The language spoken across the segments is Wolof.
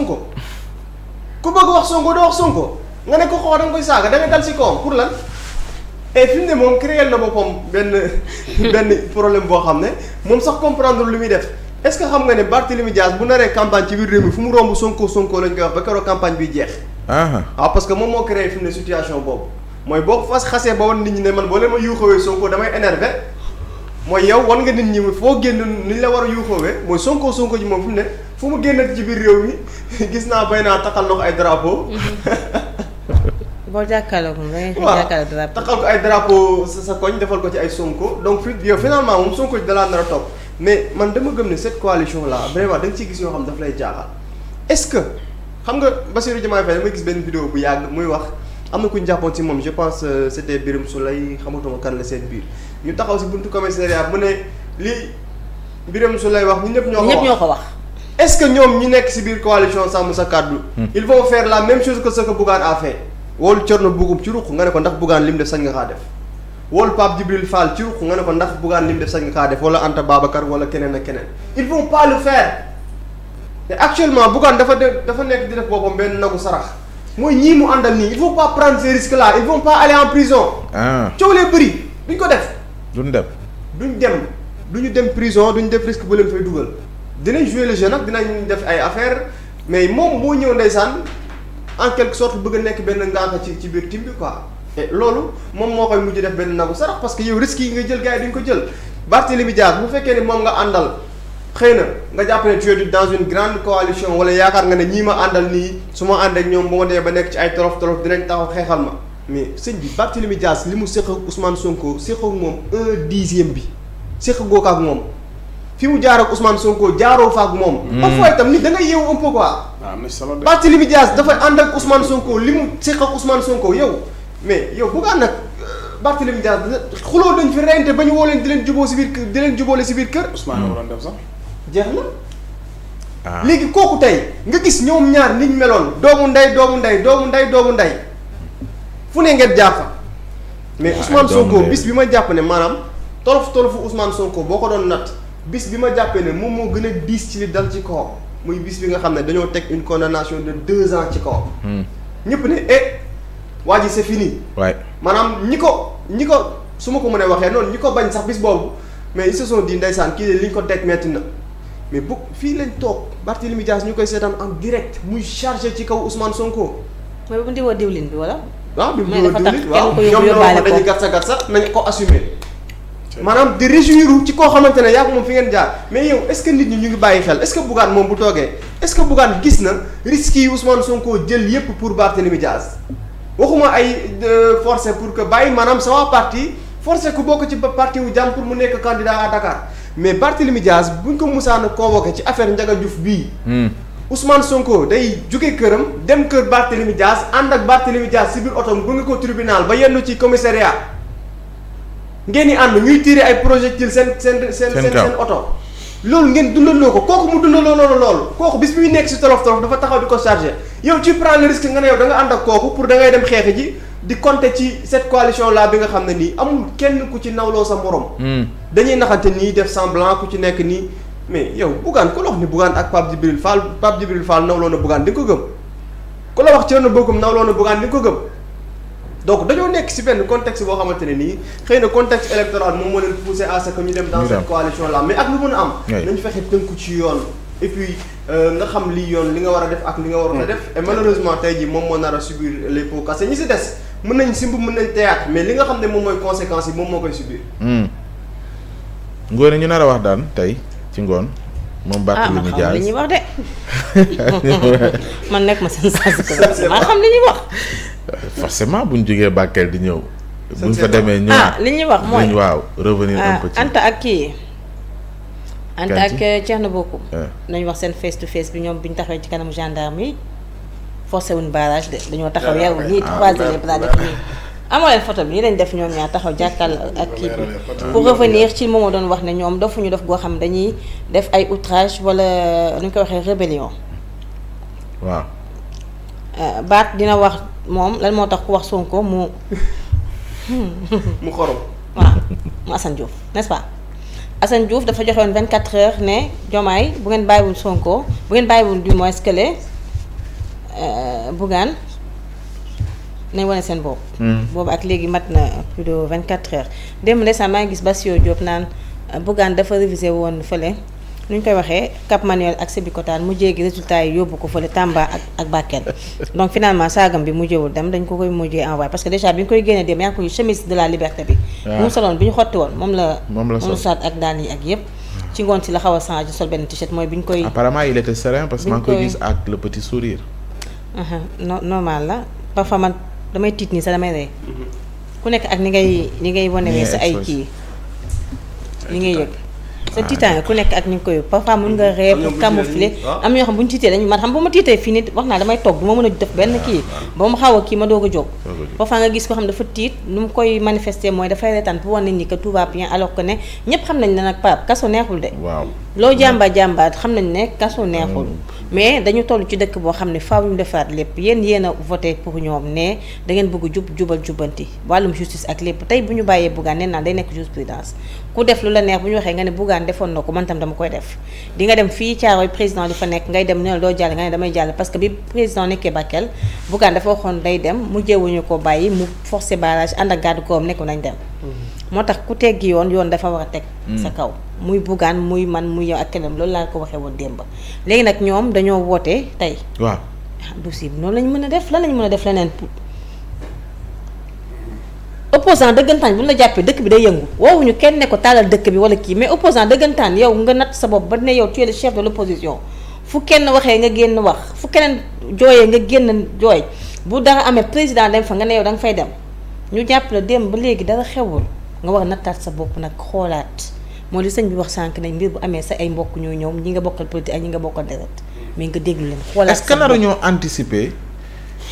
Sonko ku bëgg wax Sonko doo wax Sonko nga ne ko xoo da nga koy saaga da nga si kawam pour lan et eh, fi mu ne moom créé na boppam benn benn problème boo xam ne moom sax comprendre lu muy def est-ce que xam nga ne Barthélemy Dias bu naree campagne ci biir réew mi fu mu romb Sonko Sonko lañ koy wax ba keroog campagne bi jeex. waaw ah. ah, parce que moom moo créé fi mu ne situation boobu mooy boo ko fas xasee ba wan nit ñi ne man boo leen ma yuuxawee Sonko damay énervé mooy yow wan a yuuxawee mooy Sonko Sonko fu mu génnati ci biir réew mi gis naa bay naa taxal na ko ay drapeau mhm. boo jàkkaarloo moom da ngay jàkkaarloo drapeau taxal ko ay drapeau sa sa koñ defal ko ci ay Sonko donc fi yow finalement moom Sonko ci dalaa nar a topp mais man dama gëm ne cette coalition là vraiment da nga ciy gis yoo xam daf lay jaaxal est que xam nga Bassirou Diomaye Faye dama gis benn vidéo bu yàgg muy wax am na ku ñu jàppoon moom je pense euh, c'était Birame Souleye xamatuma kan la seen biir ñu taxaw ci buntu commissariat mu ne lii Birame Souleye wax ñu ñëpp ñoo ko wax est-ce que ñoom ñi nekk ci biir coalition sàmm sa kàddu. Hmm. ils vont faire la même chose que ce que Bougane a fait. woolu Thierno Bocoum ci ruq nga ne ko ndax Bougane lim def sañ nga kaa def woolu Pape Djibril Fall ci ruq nga ne ko ndax Bougane lim def sañ nga kaa def wala Anta Babacar wala keneen ak keneen. ils vont pas le faire dafa def dafa nekk di def boppam benn nagu sarax mooy ñii mu àndal nii ils vont pas prendre ces risques là ils vont pas aller en prison. Ah. coow lee bëri duñ ko def. duñ dem duñ dem duñu dem prison duñ def risque bu leen fay dugal. dinañ jouer le nag dinañ def ay affaire mais moom moo ñëw ndeysaan en quelque bëgg a nekk benn ngaaka ci ci biir team bi quoi. loolu moom moo koy mujj def benn nagu sarax parce que yow risques yi nga jël gaay yi duñ ko jël Barthélémy Dias bu fekkee ne moom nga àndal xëy na nga jàpp ne tu es dans une grande coalition wala yaakaar nga ne ñii ma àndal nii su ma ànd ak ñoom bu ma dee ba nekk ci ay torof torof dinañ taxaw xeexal ma. mais sëñ bi Barthélémy Dias li mu séq ak Ousmane Sonko séq ak moom bi séq googu ak fi mu jaar ak Ousmane Sonko jaaroo fa ak moom. Hmm. parfois itam nit da ngay yeewu un ko quoi. am na solo de Barthélémy Dias dafa ànd ak Ousmane Sonko li mu seq ak Ousmane Sonko yow mais yow bu ko ànd ak euh, Barthélémy Dias xuloo dañ fi reyante ba ñu woo leen di leen juboo si biir kër di leen jubóole si biir kër. Ousmane waroon def sax. jeex na. waaw ah. léegi kooku tey nga gis ñoom ñaar niñ meloon doomu nday doomu nday doomu nday doomu nday fu ne ngeen jàpp mais ah, Ousmane Sonko bis bi ma jàpp ne maanaam tolof tolofu Ousmane boo ko doon natt bis bi ma jàppee ne moom moo gën a diis ci li dal ci kawam muy bis bi nga xam ne dañoo teg une condamnation de deux ans ci kawam. Hmm. ñëpp ne eh waa ji c'est fini. waay maanaam ñi ko ñi ko su ma ko mënee waxee noonu ñi ko bañ sax bis boobu mais ils se sont dit ndeysaan kii li ñu ko teg metti na. mais bu fii lañ toog Barthélémy Dias ñu koy seetaan en direct muy chargé ci kaw Ousmane Sonko. mais bu ndiwoo diwlin bi wala. waaw ah, bi mu ndiwoo diwlin waaw ñoom ñoo ko dañuy gatsa gatsa nañ ko assumer. maanaam di réjouir ci koo xamante ne yaa moom fi ngeen jaar mais yow est que nit ñi ñu ngi bàyyi xel est-ce que Bougane moom bu toogee est-ce que Bougane gis na risques yi Ousmane Sonko jël yépp pour Barthélémy Diaz waxuma ay forcé pour que bàyyi maanaam sa parti forcé ku bokk ci parti wu jàmm pour mu nekk candidat à Dakar mais Barthélémy Diaz buñ ko musaana convoqué ci affaire Ndiaga Diouf bii hmm. Ousmane Sonko day jóge këram dem kër Barthélémy Diaz ànd ak Barthélémy Diaz si biir otom bu nga ko tribunal ba yenn ci commissariat ngeen di ànd ñuy tirer ay projectiles jël seen seen seen seen oto loolu ngeen dundaloo ko kooku mu dundaloo loolu loolu kooku bis muy nekk si tolof tolof dafa taxaw di ko chargé yow tu prends le risque nga ne yow da nga ànd ak kooku pour da ngay dem xeex ji di compter ci cette coalition là bi nga xam ne nii amul kenn ku ci nawloo sa morom. Hmm. dañuy naxante nii def semblant ku ci nekk nii mais yow Bougane ku la wax ni Bougane ak Pape Djibril Fall Pape Djibril Fall nawloo na Bougane di nga ko gëm ku la wax Thierno Bocoum nawloo na Bougane di nga ko gëm. donc dañoo nekk ci benn context boo xamante ne nii xëy na contexte électoral moom moo leen poussé à ce que ñu dem dans cette coalition là mais ak lu mën a am nañu fexe tënku ci yoon et puis euh, nga xam li yoon li nga war a def ak li nga war a def et malheureusement tey jii moom moo nar a subir les pots cassés ñi ci des mën nañ simb mën nañ théâtre mais li nga xam ne moom mooy conséquences yi moom moo koy subir hmm. ngoone ñu nar a wax daan tey ci ngoon moom Barthélémy Dias ah li ñuy wax de man nekk ma seen sensibiliser maa xam li ñuy wax. forcément bu jógee Bakel di ñëw. bu ñu demee ñëwaat ah, li ñuy wax mooy waaw revenir un ah, peu ci Anta ak kii Anta ak eh, Thierno Bocoum. Ah. nañu wax seen face to face bi ñoom bi ñu taxawee ci kanamu gendarme yi forcé wuñ barrage de dañoo taxaw yow ñii croiser les bras def nii. amoo leen photo bi nii def ñoom ñaar taxaw jàkkal ak kii bi revenir ci li ma doon wax ne ñoom dafuñu def goo xam dañuy def ay outrage wala nu ñu ko waxee rébellion. waaw. Euh, baat dina wax moom lan moo tax ku wax Sonko mu. mu xorom. waaw mu Assane Diouf dafa joxe woon 24 ne Diomaye bu ngeen bàyyiwul Sonko bu ngeen bàyyiwul du moins que euh, Bougane nañ wane seen bopp. Mm. boobu ak léegi mat na plus vingt quatre heures démb ndeysaan maa gis Bassirou Diop naan euh, Bougane dafa révisé woon fële nu ñu koy waxee Cap Manuel ak Sébikotane mujjee gi résultat yi yóbbu ko fële Tamba ak ak Bakel donc finalement saagam bi mujjewul dem dañ ko koy mujjee envoyé parce que déjà bi ñu koy génnee dem yaa ngi koy chemise de la liberté bi. waaw mu soloon bi ñu xotti woon moom la. moom la sol ak daan yi ak yëpp. ci ngoon si la xaw a changé sol benn t-shirt koy. apparemment damay tiit nii sax damay rey ku nekk ak ni ngay ni ngay wanewee sa ay kii li ngay yëg sa tiitaange ku nekk ak ni nga koy parfois mën nga ree pour camoufler ah? am ñoo xam bu ñu tiitee dañ man xam ba ma tiitee fii nit wax naa damay toog du mën a def benn kii ba mu xaw a kii ma doog a jóg parfois nga gis ko xam dafa tiit nu mu koy manifester mooy dafay reetaan pour wan nit ñi que tout va bien alors que ne ñépp xam nañ ne nag Pape kaso neexul de waaw loo jàmbaat mm. jàmbaat xam nañ ne kaso neexul. Mm. mais dañu toll ci dëkk boo xam ne faaw ñu defaraat lépp yéen yéen a voté pour ñoom ne da ngeen bëgg jub jubal jubanti wàllum justice ak lépp tey bu ñu bàyyee Bougane nee naa day nekk jurisprudence ku def lu la neex bu ñu waxee nga ne Bougane defoon na ko man tam dama koy def dinga dem fii Thiaroye président di fa nekk ngay dem ne doo jàll nga ne damay jàll parce que bi président nekkee Bakel Bougane dafa waxoon day dem mujjee wuñu ko bàyyi mu forcé barrage ànd ak garde corps nekku nañ dem mm. moo tax ku teg yoon yoon dafa war a teg mm. sa kaw muy buggaan muy man muy yow ak keneen loolu laa ko waxee woon démb léegi nag ñoom dañoo wootee tey waaw ah, du si noonu lañ mën a def lan lañ mën a def leneen opposant dëggantaan bu ñu la jàppee dëkk bi day yëngu woowuñu kenn ne ko taalal dëkk bi wala kii mais opposant dëggantaan yow nga natt sa bopp ba ne yow tu es le chef de l'opposition fu kenn waxee nga génn wax fu keneen jooyee nga génn jooy bu dara amee président dem fa nga ne da nga fay dem ñu jàpp la ba léegi dara xewul nga wax a nattaat sa bopp nag xoolaat moo li sëñ bi wax sànq nañ mbir bu amee sa ay mbokk ñoo ñoom ñi nga bokkal politique ak ñi nga bokkal deret mais nga déglu leen. xoolaat est-ce que nar ñoo anticiper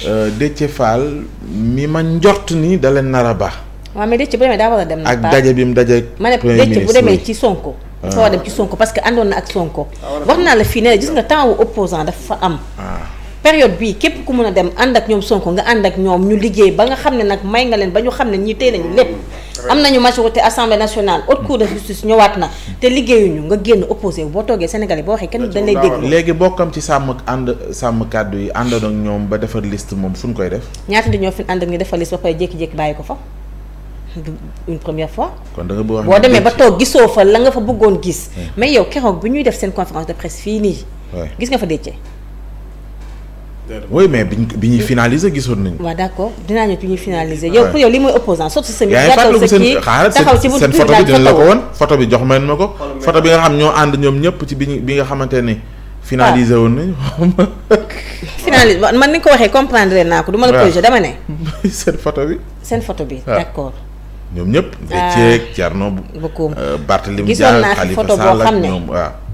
euh, Déthié Fall mi ma njort ni da leen nar a baax. waaw mais Déthié bu demee daa war a dem. ak daje bi mu daje. ma ne Déthié bu demee ci Sonko. dafa ah. war a dem ci Sonko parce que àndoon na ak Sonko. Ah, wax naa la fii ne gis nga temps wu opposant dafa am. Ah. période bii képp ku mun a dem ànd ak ñoom Sonko nga ànd ak ñoom ñu liggéey ba nga xam ne nag may nga leen ba ñu xam ne ñii tey nañu lépp am nañu majorité assemblée nationale ot cour de justice ñëwaat na te liggéeyuñu nga génn opposé wu boo toogee sénégalais boo waxee kenn dañ lay dégg léegi bokkam ci sàmm ànd sàmm kàddu yi àndoon ak ñoom ba defar list moom fu ñu koy def ñaata di ñoo fi ànd ak ñu defar liste ba pare jékki-jékki bàyyi ko fa une première fois kon da boo demee ba toog gisoo fa la nga fa bëggoon gis mais yow keroog bi ñuy def seen conférence de presse fii nii gis nga fa déccee oui mais bi bi ñuy finaliser gisoon nañu. waaw d' accord dinaa ñëw bi ñuy finaliser. yow pour yow li mooy opposant surtout seen. yaa ngi fàttaliku seen xaaral seen photo bi dina jox meen ko. photo bi nga xam ñoom ñëpp ci bi ñu bi nga xamante ne. finaliser woon nañu finaliser man ni ko waxee comprendre naa ko. du ma la corriger ne. seen photo bi. seen ñoom ñëpp. ah Ndeye Dieng Thierno.